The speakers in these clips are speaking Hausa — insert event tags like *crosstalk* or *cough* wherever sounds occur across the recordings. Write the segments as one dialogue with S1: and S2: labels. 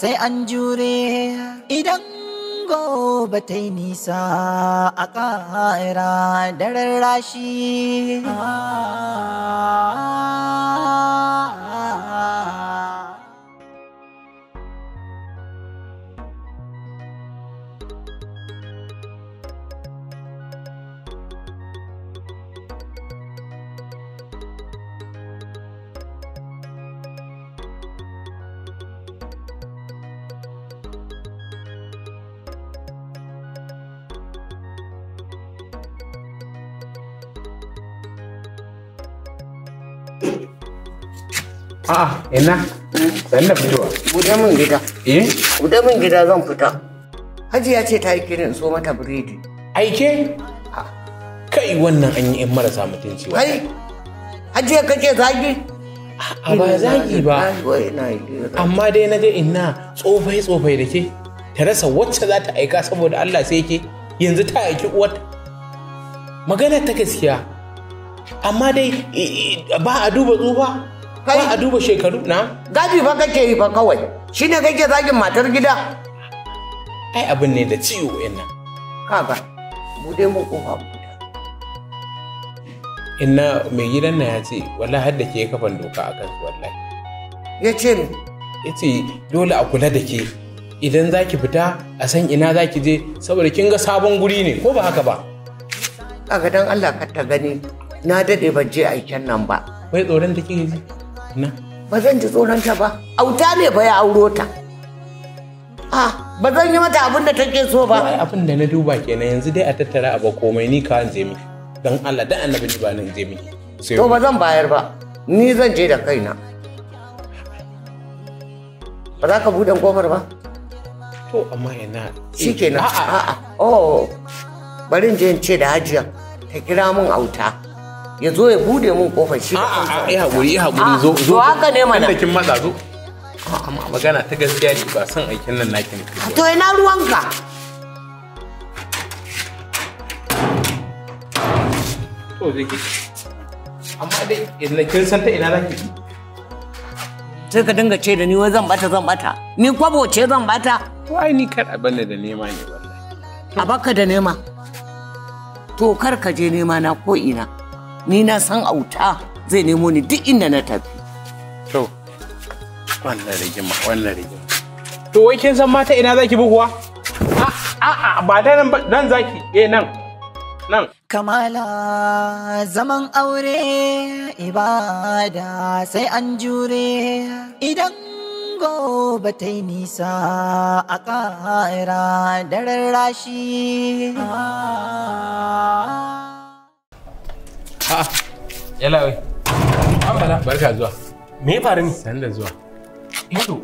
S1: sai an jure idan gobe ta yi nisa a ƙara daren rashi. Ah, ah, ah,
S2: A'a, ina? Sani da fitowa. Buɗe min gida. Eh? Buɗe min gida zan fita. Hajiya ce ta yi kirin so mata biredi. Aike? Kai wannan an yi in marasa mutunci wa. Kai, hajiya kake zagi? A ba zagi ba.
S3: Amma dai na je ina tsofai tsofai da ke. Ta rasa wacce za ta aika saboda Allah sai ke yanzu ta aiki uwar. Magana ta gaskiya. Amma dai
S2: ba a duba tsufa. kai a duba shekaru na gadi fa kake yi fa kawai shine kake zagin matar gida
S3: ai abin ne da ciwo ina
S2: kaga mu dai mu kofa
S3: inna mai gidan na ya ce wallahi har da ke kafan doka a kansu wallahi ya ce ne yace dole a kula da ke idan za ki fita a san ina za ki je saboda kin ga sabon guri ne
S2: ko ba haka ba Kaga dan allah ka ta gani na daɗe ban je aikin nan ba wai tsoron da kike ji Ba zan ji tsoronta ba, auta ne ba ya auro ta. Ah, ba zan yi mata abin da take so ba. Ai abin da na duba kenan yanzu
S3: dai a tattara abu komai ni ka zai miki. Dan Allah da annabi ni ba nan je miki. To ba zan bayar
S2: ba. Ni zan je da kaina. Ba za ka buɗe kofar ba? To amma yana. Shi kenan. A'a. Oh. Bari in je in ce da hajiya ta kira min auta. ya zo ya bude mun kofar shi a a ai haƙuri ya haƙuri ah, zo zo haka ne mana kin matsa zo
S3: amma magana ta gaskiya ne ba son aikin nan naki ne
S2: to ina ruwanka to zeki amma dai idan kin san ta ina zaki sai ka dinga ce da ni wai zan bata zan bata ni kwabo ce zan bata wai ni kar abanda da nema ne wallahi a baka da nema to kar ka je nema na ko ina ni na san auta zai nemo ni duk inda na tafi. To, wannan rigima, wannan rigima.
S3: To, wai kin san mata ina zaki buhuwa?
S1: A'a, ah, ah,
S3: ah, ba da nan nan zaki, eh nan.
S1: Nan. Kamala zaman aure ibada sai an jure idan gobe ta yi nisa a ƙara da
S3: Yala wai. Amala. Barka zuwa. Me ya faru ne? Sanda zuwa. Ido,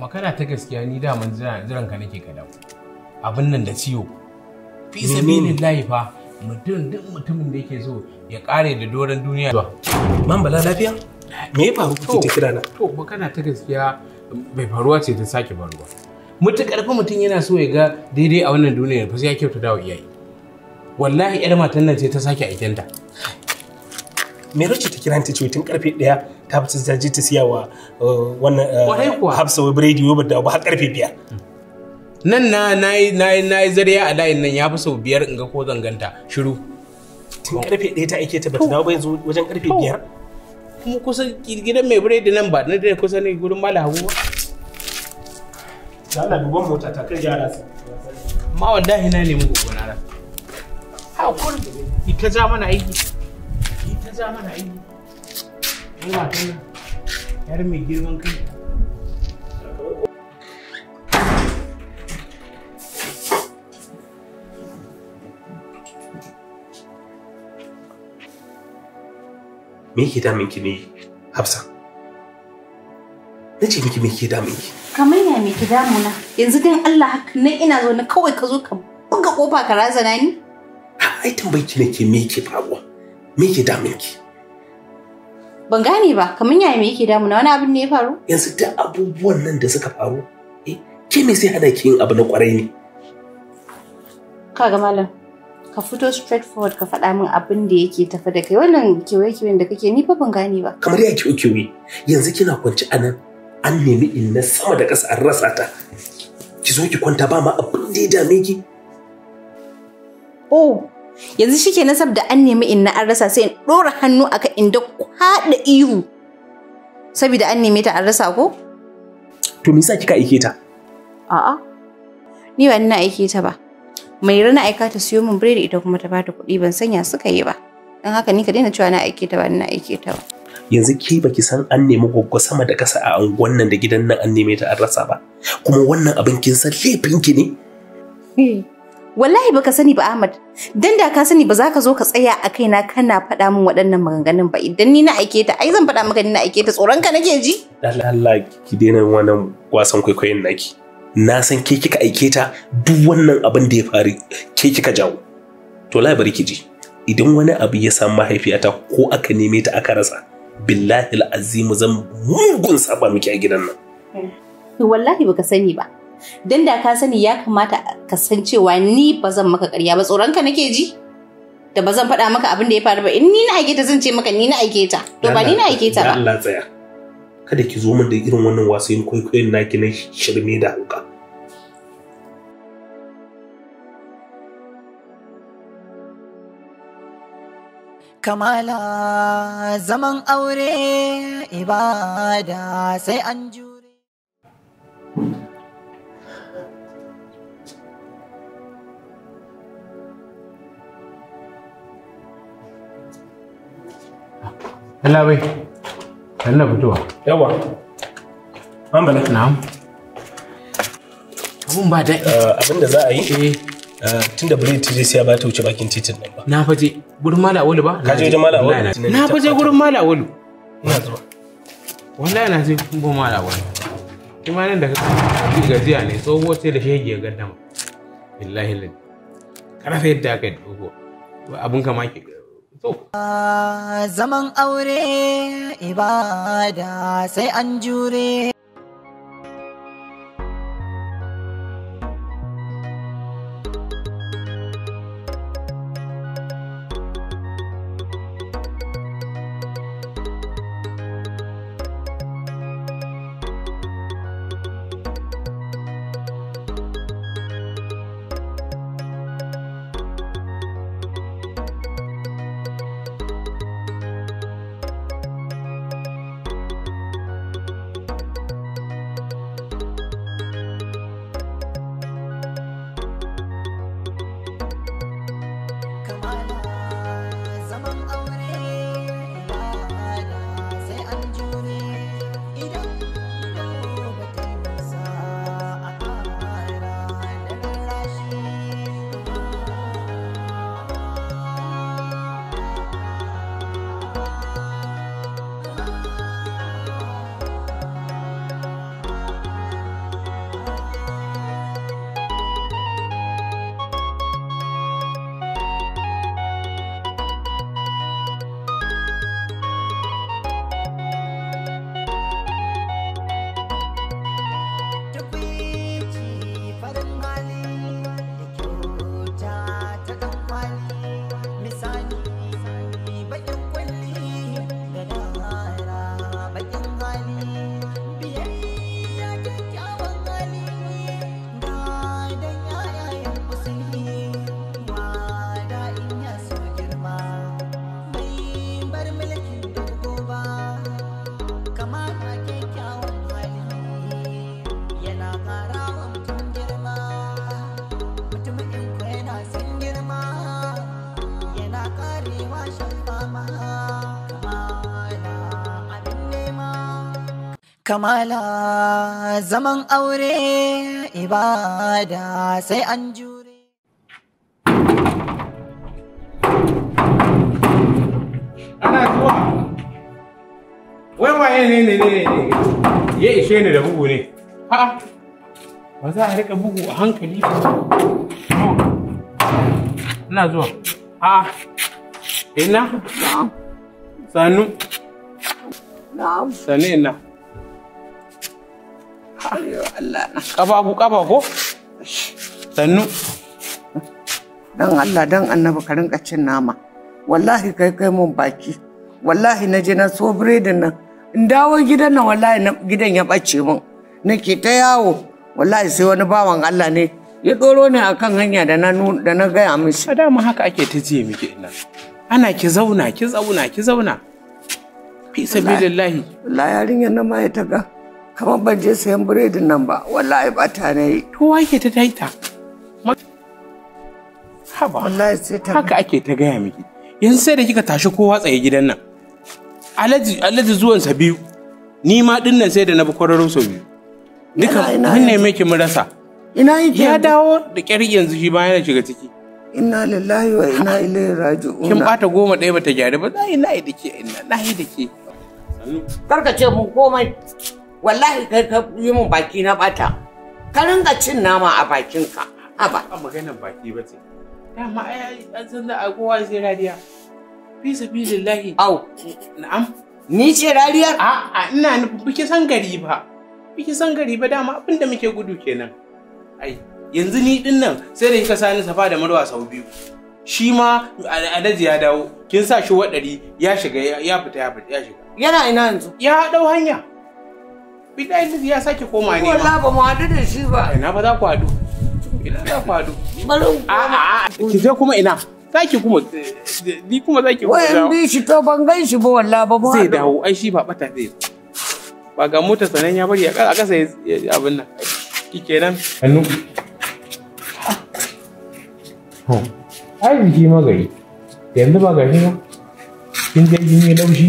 S3: makana ta gaskiya ni daman jiran ka nake ka dawo. Abin nan da ciwo. Fi sabilillahi fa mutum duk mutumin da yake so ya kare da doron duniya. Zuwa. Mambala lafiya? Me ya faru kuke ta kira na? To, makana ta gaskiya bai faruwa ce ta sake faruwa. Mutuƙar fa mutum yana so ya ga daidai a wannan duniyar fa sai ya kyautata wa iyaye. Wallahi 'yar matan nan
S4: ce ta sake aikinta. me rufe ta kiranta ce tun karfe ɗaya ta fi ta je ta siya wa uh, wannan uh, hafsa wa biredi yoba da ba har karfe biyar.
S3: nan na na yi nayi zariya a layin nan ya fi sau biyar in ga ko zanganta shiru tun karfe ɗaya ta aike ta bata dawo ba yanzu wajen karfe biyar. kuma kusa gidan mai biredi nan ba na da kusa ne gurin mala hagu ba Allah duban mota ta kai yara su ma wallahi na nemi gobe na ra ha kun ka ja mana aiki ja mana aiki. Allah yar mai girman kai.
S4: Me yake damin ki ne Hafsa? Na ce miki me yake damin ki?
S5: Kamar ya
S6: me ki damuna? Yanzu dan Allah haka nan ina zo na kawai ka zo ka buga kofa ka razana ni? Ai
S4: tambayi ki nake me yake faruwa? me ke damun ki
S6: ban gane ba kamar yaya me yake damuna wani abin ne ya faru
S4: yanzu duk abubuwan nan da suka faru eh ke me sai hana ki yin abu na kwarai ne
S6: kaga malam ka fito straight forward ka faɗa min abin da yake tafi da kai wannan kewaye-kewayen da kake ni fa ban gane ba kamar ya
S4: kewaye yanzu kina kwanci a nan an nemi in na sama da ƙasa an rasa ta ki zo ki kwanta ba ma abin da ya dame ki
S6: oh yanzu shi ke nasab da an nemi in na an rasa sai in ɗora hannu aka inda kwaɗa ihu saboda an neme ta an rasa ko?
S4: To me yasa kika aike ta?
S6: A'a. Ni ba ni aike ta ba. Mai rana aika ta siyo min biredi ita kuma ta bata kuɗi ban sanya suka yi ba. Dan haka ni ka daina cewa na aike ta ba ni aike ta ba.
S4: Yanzu ke baki san an nemi goggo sama da kasa a unguwan nan da gidan nan an neme ta an rasa ba. Kuma wannan abin kin san laifin ki ne?
S6: Eh. wallahi baka sani ba Ahmad dan da ka sani ba za ka zo ka tsaya a kaina kana faɗa min waɗannan maganganun ba idan ni na aike ta ai zan faɗa maka ni na aike ta tsoron ka nake ji
S4: Allah ki daina wannan wasan kwaikwayon naki na san ke kika aike ta duk wannan abin da ya faru ke kika jawo to bari ki ji idan wani abu ya samu mahaifiyata ko aka neme ta aka rasa billahi azimu zan mugun saba miki a gidan nan
S6: hmm. wallahi baka sani ba don da ka sani ya kamata ka san cewa ni ba zan maka ƙarya ba tsoronka nake ji da ba zan faɗa maka abin da ya faru ba in ni na aike ta zan ce maka ni na aike ta to ba ni na aike ta ba
S4: Allah tsaya kada ki zo min da irin wannan wasayin kwaikwayon naki na shirme
S1: da hauka kamala zaman aure ibada sai an ju
S3: Allah bai. Allah fitowa.
S4: Yawa. An bala. Na'am. Abun ba daɗi. Eh, abin da za a yi. Eh. Eh, Tun da Birnin TJ sai ya ba ta wuce bakin titin nan ba.
S3: Na faje gurin Mala Awolu ba?
S4: Ka je wajen Mala Awolu? Na faje gurin Mala Awolu.
S3: Ina zuwa. Wallahi na je gurin Mala Awolu. Kuma nan da kake gajiya ne tsohuwa sai da shege ya gaddama. Billahi lillahi. Kana fa yadda aka yi dogo. Abun kama ke
S1: Zaman aure ibada sai an jure. Kamala a kyakkyawan hali yana ƙara wa girma mutumin ko yana son girma yana ƙarewa shan fama Kamala zaman aure ibada sai an ju
S3: ne ne ne ne ya ishe ni da bugu ne a'a ba za a rika bugu a hankali ina zuwa a'a ina sannu sanu ina
S2: ƙafafu ƙafa ko sannu dan Allah dan annabi ka rinka cin nama wallahi kai kai mun baki wallahi na je na so biredin nan in dawo gidan nan wallahi gidan ya ɓace min nake ta yawo wallahi sai wani bawan Allah ne ya ɗoro ne akan hanya da na da na gaya mishi a dama haka ake ta jiye miki ina ana ki zauna ki zauna ki zauna fi sabilillahi wallahi yarinyar nan ma ya taga kamar ban je sayan biredin nan ba wallahi ba ta na yi to wake ta taita haba wallahi
S3: sai ta haka ake ta gaya miki yanzu sai da kika tashi kowa tsaye gidan nan alaji zuwansa biyu ni ma dinnan sai da na bi kwararo sau biyu duka mun ne miki mun rasa
S2: ina yake ya
S3: dawo da kyar yanzu shi bayan ya shiga ciki
S2: inna lillahi
S3: wa inna ilaihi raji'un kin bata goma ɗaya bata gyaru ba
S2: zai na yi dake inna na yi dake karka ce mun komai wallahi kai ka yi mun baki na bata ka ringa cin nama a bakinka haba ba maganar baki ba ce
S3: dama ai an san da kowa sai radiya fi sabilillahi au na'am ni ce rariya a a ina nufin biki san gari ba biki san gari ba dama abin da muke gudu kenan ai yanzu ni din nan sai da kika sani safa da marwa sau biyu shi ma alhaji ya dawo kin sa shi waɗari ya shiga ya fita ya fita ya shiga yana ina yanzu ya dau hanya bidayin ya sake koma ne wallahi ba mu haɗu da shi ba ina ba za ku haɗu ina za ku haɗu bari ku ki je kuma ina zaki kuma ni kuma zaki kuma dawo. bi
S2: shi to ban gan shi ba walla ba Zai dawo
S3: ai shi ba bata zai. Ba ga motar sanan ya bari a kasa abin nan. Shikenan. Hannu. Ai biki magari. Yanzu ba gashi ba. Kin je kin yi laushi.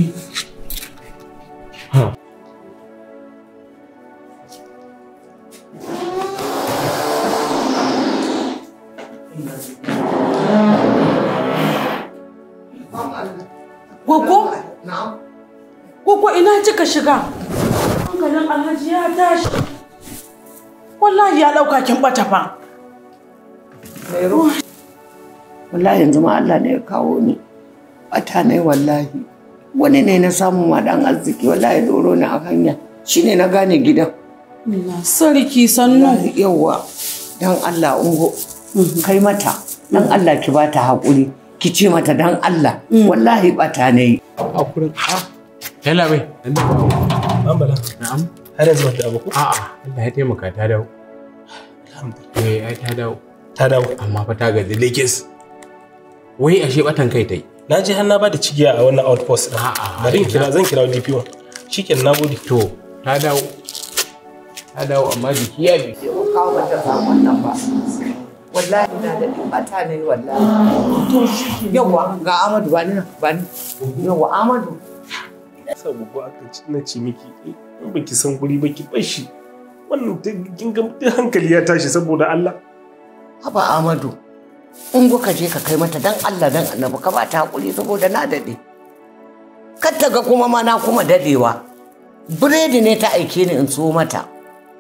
S5: Ha. Na'am. ina kika shiga? Hankalin Alhaji ya tashi. Wallahi ya ɗauka kin ɓata fa.
S2: Wallahi yanzu ma Allah ne ya kawo ni. Ɓata ne wallahi. Wani ne na samu ma ɗan arziki wallahi doro ni a hanya. Shi ne na gane gidan. Sarki sannu. Yawwa. Dan Allah ungo. Mhm. Kai mata. Dan mhm. Allah ki bata haƙuri. ki ce mata dan Allah mm. wallahi bata ne a kurin a
S3: yalla bai An da ba bala na'am har yanzu bata ba ko a a Allah ya taimaka ta dawo alhamdulillah eh ai ta dawo ta dawo amma fa ta gaji lekes wai ashe batan kai tai na ji har na ba da cigiya a wannan outpost din a'a bari kira zan kira DP1 shikenan gode. to ta dawo ta dawo amma jiki ya
S2: bi kawo ba ta samu wannan ba wallahi na da mata ne wallahi to shi yawa ga Amadu ba ni nan ba ni yawa Amadu
S4: sa gugu aka na ci miki in baki san guri baki bashi wannan kin ga
S2: hankali ya tashi saboda Allah haba Amadu in ka je ka kai mata dan Allah dan annabi ka ba ta hakuri saboda na dade kar ta ga kuma ma na kuma dadewa biredi ne ta aike ni in so mata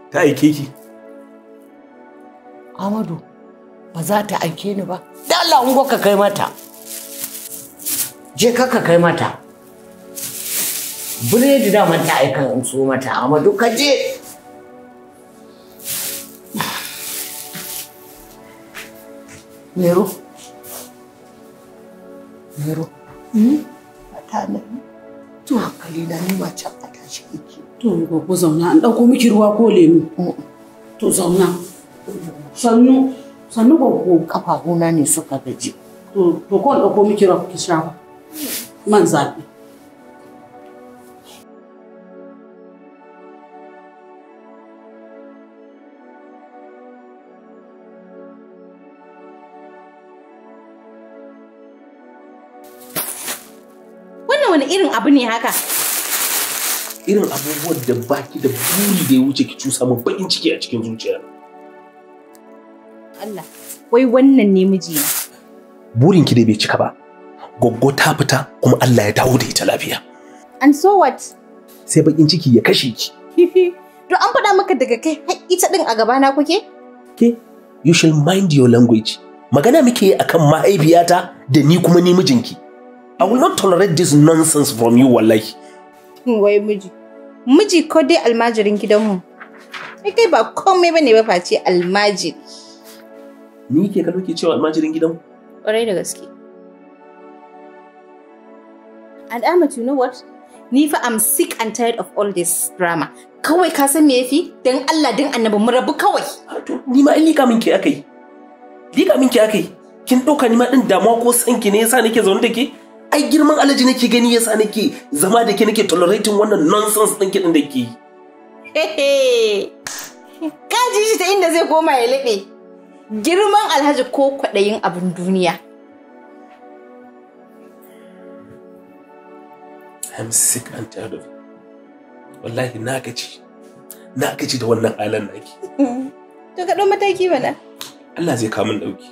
S2: ta aike ki Amadu ba za ta aike ni ba da Allah ungo ka kai mata je ka ka kai mata biredi daman ta aika in so mata amma duk ka je Nero?
S5: Mero hmm? ta nan to hankali na ni ma can a tashi yake to gogo zauna an ɗauko miki ruwa ko lemu mm. to zauna sannu sannu gogo kafafuna ne suka gaji to to ko ɗauko miki ra ki sha man zafi
S6: Wannan wani irin abu ne haka?
S4: Irin abubuwan da baki da buri da ya wuce ki cusa mu bakin ciki a cikin zuciya.
S6: Allah wai wannan ne mijina
S4: burin ki dai bai cika ba goggo ta fita kuma Allah ya dawo da ita lafiya and so what sai bakin ciki ya kashe ki
S6: to an faɗa maka daga kai har ita ɗin a gaba na kuke
S4: ke you shall mind your language magana muke akan mahaifiyata da ni kuma ni mijinki I will not tolerate this nonsense from you wallahi.
S6: Hmm, wai miji. Miji ko dai almajirin gidanmu. Kai ba komai bane ba face almajiri.
S4: ni ke kallo ke cewa almajirin gidan
S6: ƙwarai da gaske and you know what ni fa I'm sick and tired of all this drama kawai ka san me yafi dan Allah dan annabi mu rabu kawai to ni ma in lika min ke akai lika min ke akai kin dauka ni ma din
S4: damuwa ko san ki ne yasa nake zaune da ke ai girman alaji nake gani yasa nake zama da ke nake tolerating wannan nonsense din ki din da ke
S6: ji shi ta inda zai koma ya labe girman alhaji ko kwaɗayin abin duniya
S4: I'm sick and tired of it. Wallahi na gaji. Na gaji da wannan halan naki.
S6: *laughs* To ka ɗau mataki bana.
S4: Allah zai kawo min ɗauki.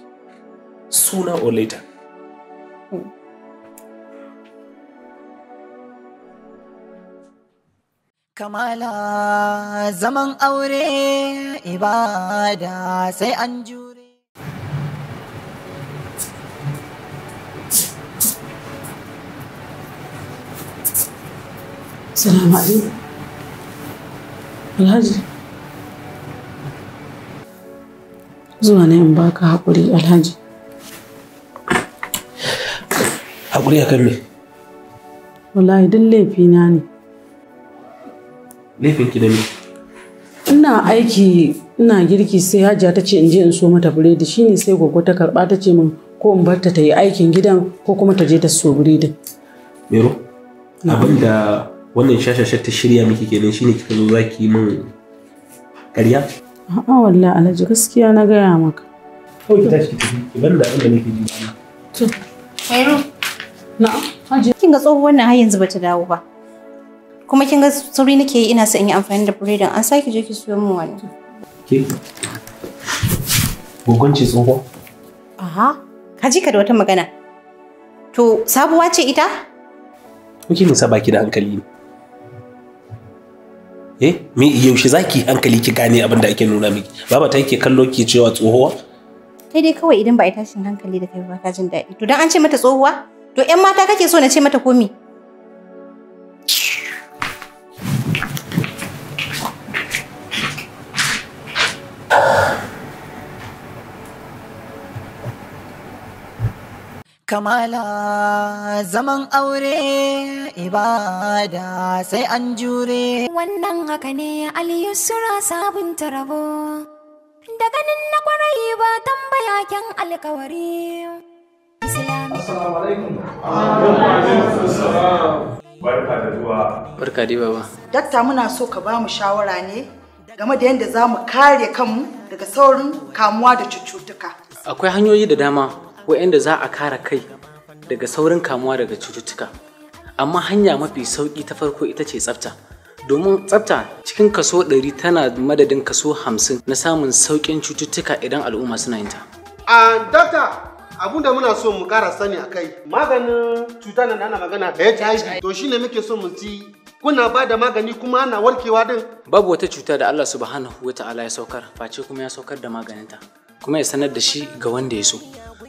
S4: Suna or later,
S1: Kamala zaman aure ibada sai an jure.
S5: Salamu alaikum. Alhaji. Zuwa ne in baka haƙuri Alhaji.
S4: Haƙuri a kan me?
S5: Wallahi duk laifina ne. laifin ki da ni. ina aiki ina girki sai hajiya ta ce in je in so mata biredi shine sai gogo ta karba ta ce min ko in bar ta yi aikin gidan ko kuma ta je ta so biredin
S4: mero abinda wannan shashashar ta shirya miki kenan shine kika zo zaki yi min ƙarya
S5: a'a wallahi alhaji gaskiya na gaya maka
S4: kawai ki tashi ki tafi ki bar da abin da nake ji
S6: to mero na'am hajiya kin ga tsohuwar nan har yanzu bata dawo ba kuma kin ga sauri nake yi ina so in yi amfani da biredin an sake je ki siyo min wani
S5: ke
S4: gogonci tsoho
S6: aha ka ji ka da wata magana to sabuwa ce ita
S4: kuke nisa baki da hankali ne eh me yaushe zaki hankali ki gane abin da ake nuna miki baba ta yake kallo ki cewa tsohuwa
S6: kai dai kawai idan ba ita shin hankali da kai ba ka jin daɗi to dan an ce mata tsohuwa to ƴan mata kake so na ce mata komi
S1: kamala zaman aure ibada sai an jure wannan haka ne aliyusura sabunta rabo da ganin na kwarai ba tambaya kyan alkawari
S4: barka da
S7: zuwa
S5: dakta muna so ka bamu shawara ne game da yadda za mu kare kanmu daga saurin kamuwa da cututtuka
S7: akwai hanyoyi da dama waɗanda za a kare kai daga saurin kamuwa daga cututtuka amma hanya mafi sauƙi ta farko ita ce tsafta domin tsafta cikin kaso 100 tana madadin kaso 50 na samun sauƙin cututtuka idan al'umma suna yin ta
S3: a dakta abun da muna so mu kara sani a kai maganin cutar nan ana magana HIV to shine muke so mu ci
S7: kuna ba da magani kuma ana warkewa din babu wata cuta da Allah subhanahu wataala ya saukar face kuma ya saukar da maganinta kuma ya sanar da shi ga wanda ya so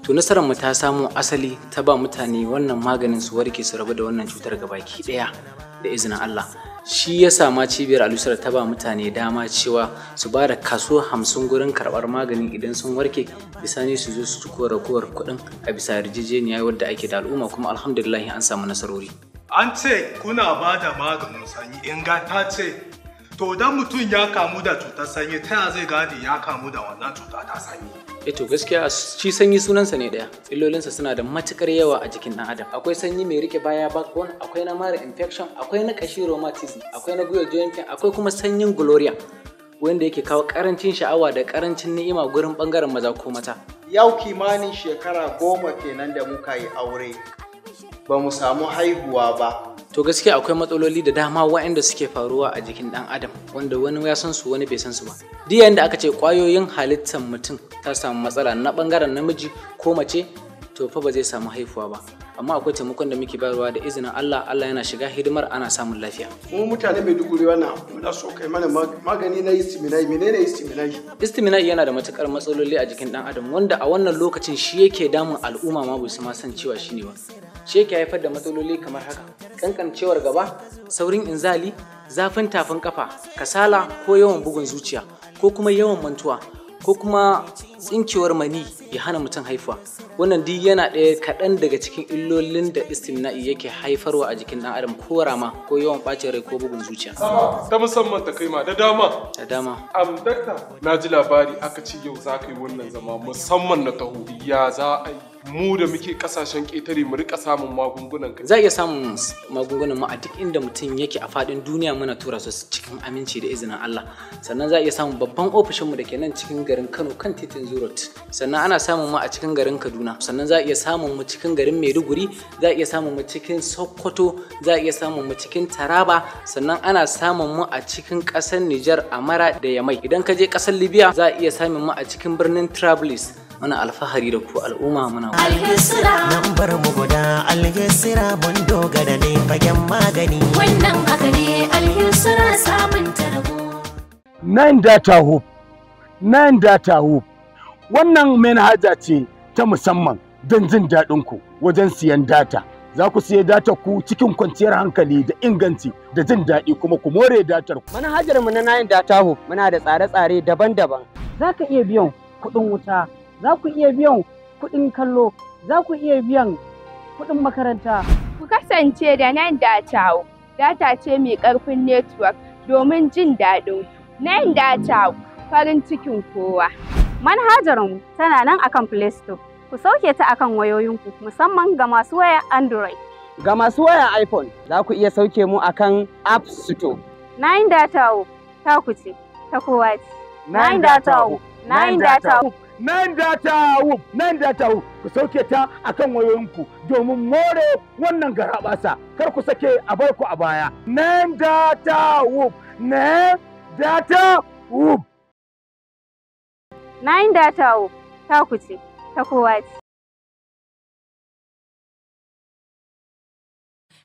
S7: to nasarar mu ta samu asali ta ba mutane wannan maganin su warke su rabu da wannan cutar gabaki daya da izinin Allah shi ya ma cibiyar alusar ta ba mutane dama cewa su ba da kaso hamsin gurin karɓar maganin idan sun warke ne su zo su ci ragowar kuɗin a bisa yarjejeniya wadda ake da al'umma kuma alhamdulillah an samu nasarori
S4: an ce kuna ba da maganin sanyi in ta ce to dan mutum ya kamu da cutar sanyi ta zai gane
S7: ya kamu da wannan cuta ta sanyi Eto, eh gaskiya shi sanyi sunansa ne daya illolinsa suna da matukar yawa a jikin dan adam akwai sanyi mai rike baya backbone akwai na mara infection akwai na kashi rheumatism akwai na guyar joint pain akwai kuma sanyin gloria wanda yake kawo karancin sha'awa da karancin ni'ima gurin bangaren maza ko mata yau kimanin shekara goma kenan da muka yi aure ba mu samu haihuwa ba to gaskiya akwai matsaloli da dama wa'anda suke faruwa a jikin dan adam wanda wani ya san su wani bai san su ba duk yayin da aka ce kwayoyin halittar mutum ta samu matsala na ɓangaren namiji ko mace to fa ba zai samu haifuwa ba amma akwai taimakon da muke bayarwa da izinin Allah Allah yana shiga hidimar ana samun lafiya
S4: mu mutane mai duguri wannan muna so kai mana magani na istiminai menene istiminai
S7: istiminai yana da matukar matsaloli a jikin dan adam wanda a wannan lokacin shi yake damun al'umma ma su ma san cewa shine ba ce ke haifar da matsaloli kamar haka kankancewar gaba saurin inzali zafin tafin kafa kasala ko yawan bugun zuciya ko kuma yawan mantuwa ko kuma tsinkewar mani ya hana mutum haifuwa wannan duk yana ɗaya kaɗan daga cikin illolin da istimna'i yake haifarwa a jikin ɗan adam ko rama ko yawan ɓacin rai ko bugun zuciya
S3: ta musamman ta kaima da
S7: dama da dama am na ji
S3: labari aka ce yau za ka yi wannan zama musamman na taho ya za a yi mu da muke kasashen ƙetare mu rika samun magungunan ka
S7: za iya samun magungunan mu a duk inda mutum yake a fadin duniya muna tura su cikin aminci da izinin Allah sannan za iya samun babban ofishin mu dake nan cikin garin Kano kan titin Zurot sannan ana samun mu a cikin garin Kaduna sannan za iya samun mu cikin garin Maiduguri za iya samun mu cikin Sokoto za iya samun mu cikin Taraba sannan ana samun mu a cikin ƙasar Nijar Amara da Yamai idan ka je ƙasar Libya za iya samun mu a cikin birnin Trablis muna alfahari da ku al'umma muna
S5: alhisira nan
S7: bar mu guda alhisira mun dogara ne fagen magani
S5: wannan aka ne alhisira samun tarbo
S4: nan data hope nan data hope wannan manhaja ce ta musamman don jin daɗin ku wajen siyan data za ku siya data ku cikin kwanciyar hankali da inganci da
S2: jin daɗi kuma ku more datar ku. Manhajar mu na nayin data hub muna da tsare-tsare daban-daban.
S5: Za ka iya biyan kuɗin wuta, za ku iya biyan kuɗin kallo, za ku iya biyan kuɗin makaranta.
S6: Ku kasance da nan da cawo data ce mai ƙarfin network domin jin daɗin nan da cawo farin cikin kowa. Manhajarmu tana nan akan Play Store. Ku sauke ta akan wayoyinku musamman ga masu waya Android.
S2: Ga masu waya iPhone za ku iya sauke mu akan App Store.
S6: Nine Data ta ku ce, ta kowa ce. Nine Data
S4: Nine Data nan data wuf nan data wuf ku sauke ta akan wayoyinku domin more wannan garabasa kar ku sake a bar ku a baya nan
S5: data wuf nan data wuf nan data wuf ta ku ce ta kowa ce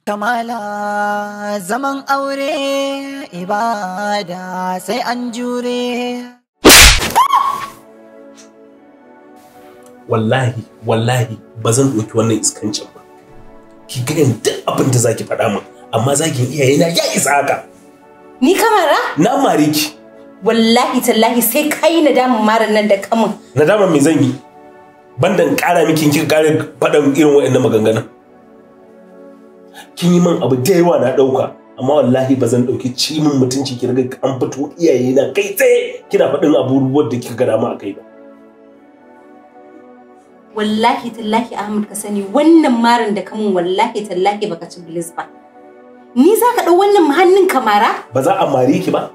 S1: Kamala zaman aure ibada sai an jure
S4: wallahi wallahi ba zan ɗauki wannan iskancin ba ki gayan duk abin da zaki faɗa min amma zakin iyaye na ya isa haka ni kamara na mare ki
S6: wallahi tallahi sai kai nadaman mara nan da kamun
S4: nadaman me zan yi bandan ƙara miki kin ƙara faɗan irin waɗannan maganganun kin yi man abu da yawa na ɗauka amma wallahi ba zan ɗauki cimin mutunci ki riga an fito iyaye na kai tsaye kina faɗin abubuwan da kika ga dama a kai ba
S6: wallahi tallahi Ahmad ka sani wannan marin da kamun wallahi tallahi baka ci bilis ba ni za ka dau wannan hannun ka mara
S4: ba za a mari ki ba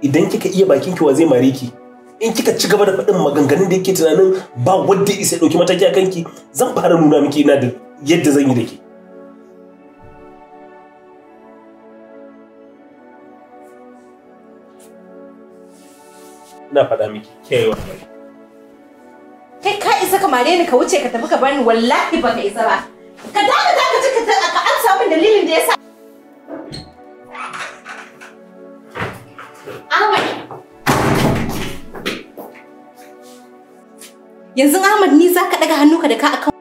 S4: idan kika iya bakin ki wa zai mari ki in kika ci gaba da faɗin maganganun da yake tunanin ba wanda isa dauki mataki a kanki zan fara nuna miki ina da yadda zan yi da ke ina faɗa miki kewa
S6: kai ka isa ka mare ni ka wuce ka tafi ka bani wallahi ba ka isa ba ka dawo da ka ji ka an samu dalilin da yasa Yanzu Ahmad ni za ka ɗaga hannu ka da ka akan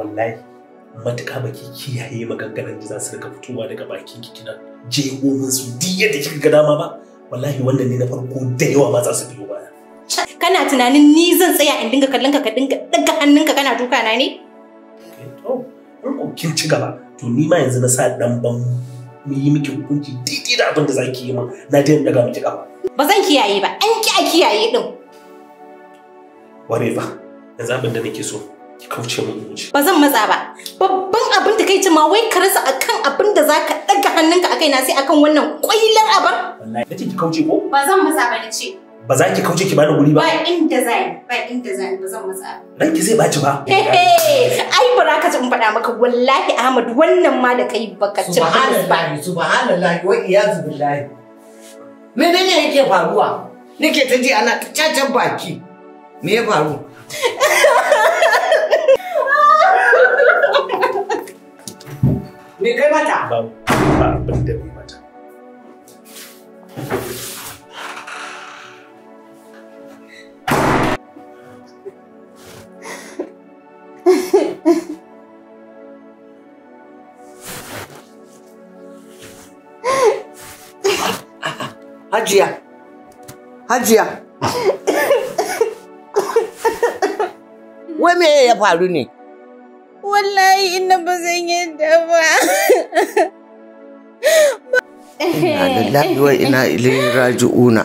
S4: wallahi matuƙa baki kiyaye maganganun da za su rika fitowa daga bakin ki kina je gomin su duk yadda kika ga dama ba wallahi wannan ne na farko da yawa ba za su biyo ba
S6: kana tunanin ni zan tsaya in dinga kallon ka ka dinga daga hannunka kana duka na ne eh, to
S4: ko kin ci gaba to ni ma yanzu na sa dan ban mu yi miki hukunci didi da abin da zaki yi ma na dai daga miki gaba
S6: ba zan kiyaye ba an ki a kiyaye din
S4: whatever yanzu abin da nake so ki kauce mun hukunci.
S6: ba zan matsa ba babban abin da kai ma wai ka rasa akan abin da zaka daga hannunka akai na sai akan wannan kwailar abin.
S4: wallahi nace ki kauce ko
S6: ba zan matsa ba nace
S4: ba za ki kauce ki bani guri ba. Ba
S6: in design, ba in design ba zan matsa.
S4: Ranki zai baci ba. Ai
S6: ba za ka ji mun faɗa maka wallahi Ahmad wannan ma da kai baka ci ba. Subhanallahi, subhanallahi wa iyazu billahi. Menene yake
S2: faruwa? Nake ta ji ana ta baki. Me faru?
S5: Me kai mata?
S2: hajiya hajiya wai me ya faru ne
S6: wallahi ina ba zan yadda ba ina
S2: da wa ina ilayhi raji'una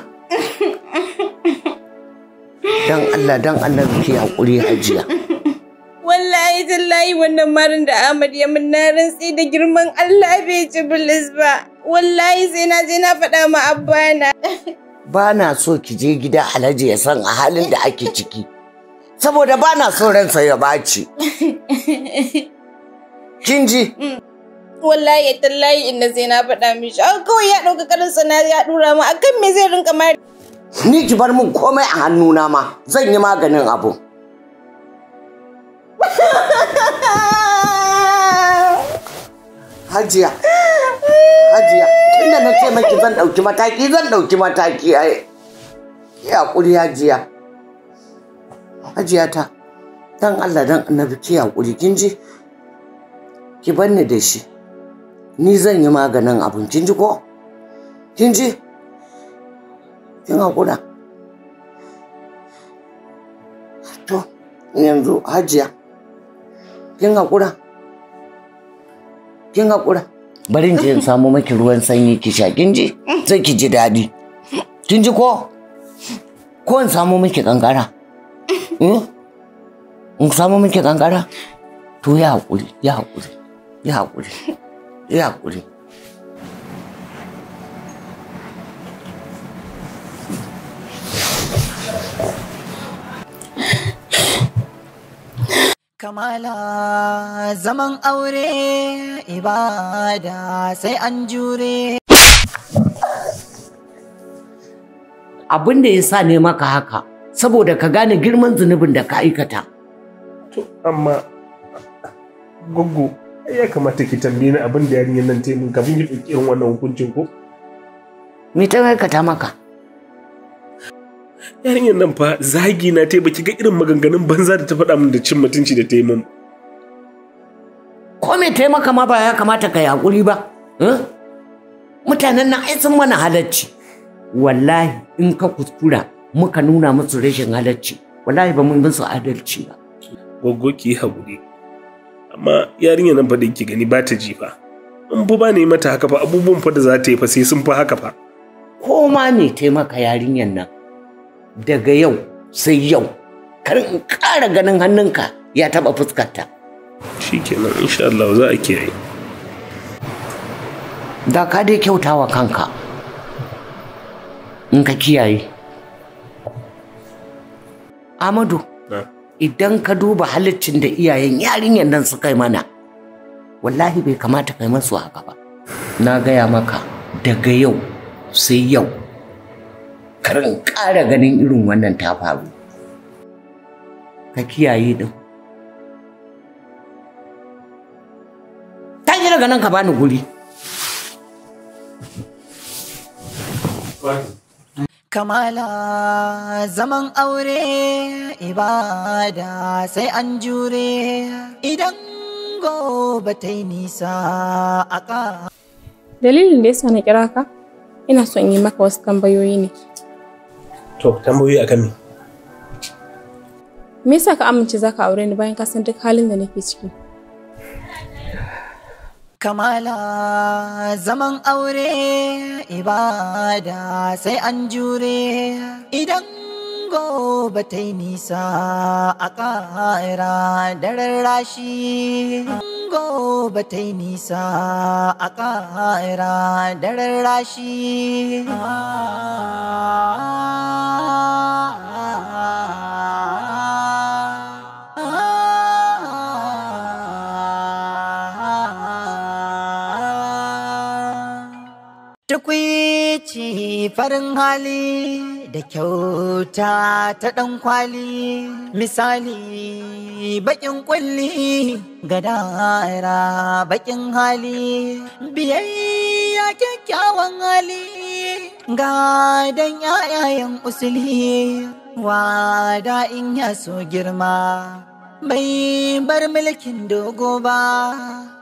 S2: dan Allah dan Allah ki hakuri hajiya
S6: wallahi tallahi wannan marin da Ahmad ya min na rantsi da girman Allah bai ci bilis ba Wallahi sai na je na faɗa ma abbana.
S2: Ba na so ki je gida Alhaji ya san a halin da ake ciki. Saboda ba na so ransa ya baci. Kin ji?
S6: Mm. Wallahi ya tallahi inda sai na faɗa mishi. A kawai ya ɗauka karinsa na ya ɗura mu kan me zai rinka mari.
S2: Ni ki bar min komai a hannuna ma zan yi maganin abu.
S1: *laughs* hajiya hajiya tunda
S2: na ce maki zan ɗauki mataki zan ɗauki mataki ai ya hakuri hajiya hajiya ta dan Allah dan annabi ki hakuri kin ji ki banni da shi ni zan yi maganin abin kin ji ko kin ji kin hakura to yanzu hajiya kin hakura kin haƙura. Barin je in samo maki ruwan sanyi ki sha kin ji sai ki ji daɗi. Kin ji ko? Ko in samu miki kankara? Hmm? In samu miki kankara? To ya haƙuri, ya haƙuri, ya haƙuri, ya haƙuri.
S1: Kamala zaman aure ibada sai an jure.
S2: Abin da ya sa ne maka haka, saboda ka gane girman zunubin da ka aikata.
S4: To, amma gugu ya kamata ki tambayi abin da yarinyar nan ta yi kafin ki irin wannan hukuncin ko?
S2: Me ta aikata maka?
S4: yarinyar nan fa zagi na ta baki ga irin maganganun banza da ta faɗa min da
S2: cin mutunci da ta yi min ko me taimaka ma ba ya kamata ka yaƙuri ba hm? mutanen nan ai sun mana halacci wallahi in ka kuskura muka nuna musu rashin halacci wallahi ba mun musu adalci ba
S4: goggo ki yi haƙuri amma yarinyar nan fa da ki gani ba ta ji fa in fa ba ne mata haka fa abubuwan fa da za ta yi fa sai sun fa haka fa ko
S2: ma me taimaka yarinyar nan daga yau sai yau kar in ƙara ganin hannunka ya taɓa fuskarta
S4: shi kenan insha Allah za a kiyaye
S2: da ka dai wa kanka in ka kiyaye Amadu idan ka duba halittin da iyayen yarinyar nan suka yi mana wallahi bai kamata kai masu haka ba na gaya maka daga yau sai yau karin ƙara ganin irin wannan ta faru ka kiyaye ɗin ta yi daga nan ka bani guri
S1: Kamala zaman aure ibada sai an jure idan gobe ta nisa a
S6: Dalilin da ya sa na kira ka, ina son yi maka wasu tambayoyi ne.
S4: To, tambayoyi akan me?
S6: Me yasa ka amince za ka aure ni
S1: bayan ka san duk halin da nake ciki? Kamala zaman aure ibada sai an jure idan zango batai nisa a ƙa'ira daren rashi. Zango ta nisa a ƙa'ira daren rashi. farin hali. da kyauta ta ɗan kwali misali baƙin ƙulli ga dara bakin hali biyayya kyakkyawan hali ga dan yayayen usuli wa in ya so girma bai bar mulkin dogo ba